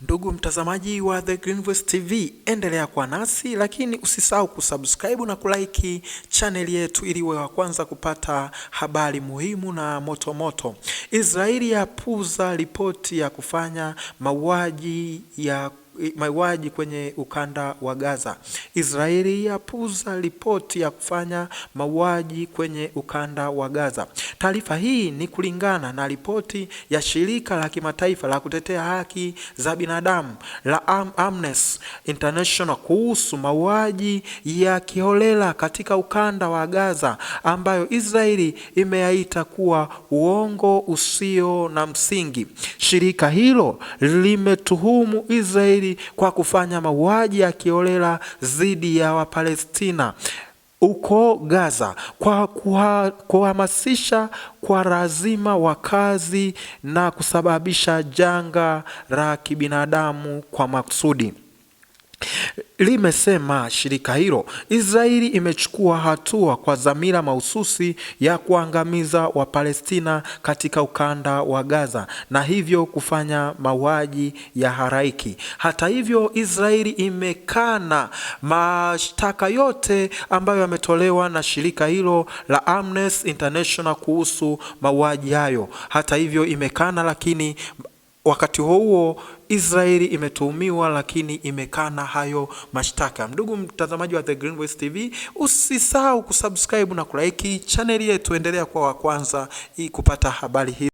Ndugu mtazamaji wa The Greenvoice TV, endelea kuwa nasi, lakini usisahau kusubscribe na kulike chaneli yetu ili uwe wa kwanza kupata habari muhimu na moto moto. Israeli yapuza ripoti ya kufanya mauaji ya mauaji kwenye ukanda wa Gaza. Israeli yapuza ripoti ya kufanya mauaji kwenye ukanda wa Gaza. Taarifa hii ni kulingana na ripoti ya shirika la kimataifa la kutetea haki za binadamu la Am Amnesty International kuhusu mauaji ya kiholela katika ukanda wa Gaza ambayo Israeli imeyaita kuwa uongo usio na msingi. Shirika hilo limetuhumu Israeli kwa kufanya mauaji ya kiholela dhidi ya Wapalestina uko Gaza kwa kuhamasisha kwa lazima wakazi na kusababisha janga la kibinadamu kwa makusudi limesema shirika hilo. Israeli imechukua hatua kwa dhamira mahususi ya kuangamiza Wapalestina katika ukanda wa Gaza na hivyo kufanya mauaji ya halaiki. Hata hivyo, Israeli imekana mashtaka yote ambayo yametolewa na shirika hilo la Amnesty International kuhusu mauaji hayo. Hata hivyo, imekana lakini Wakati huo huo Israeli imetuhumiwa lakini imekana hayo mashtaka. Ndugu mtazamaji wa The Green West TV, usisahau kusubscribe na kulike chaneli yetu, endelea kwa wa kwanza ili kupata habari hizi.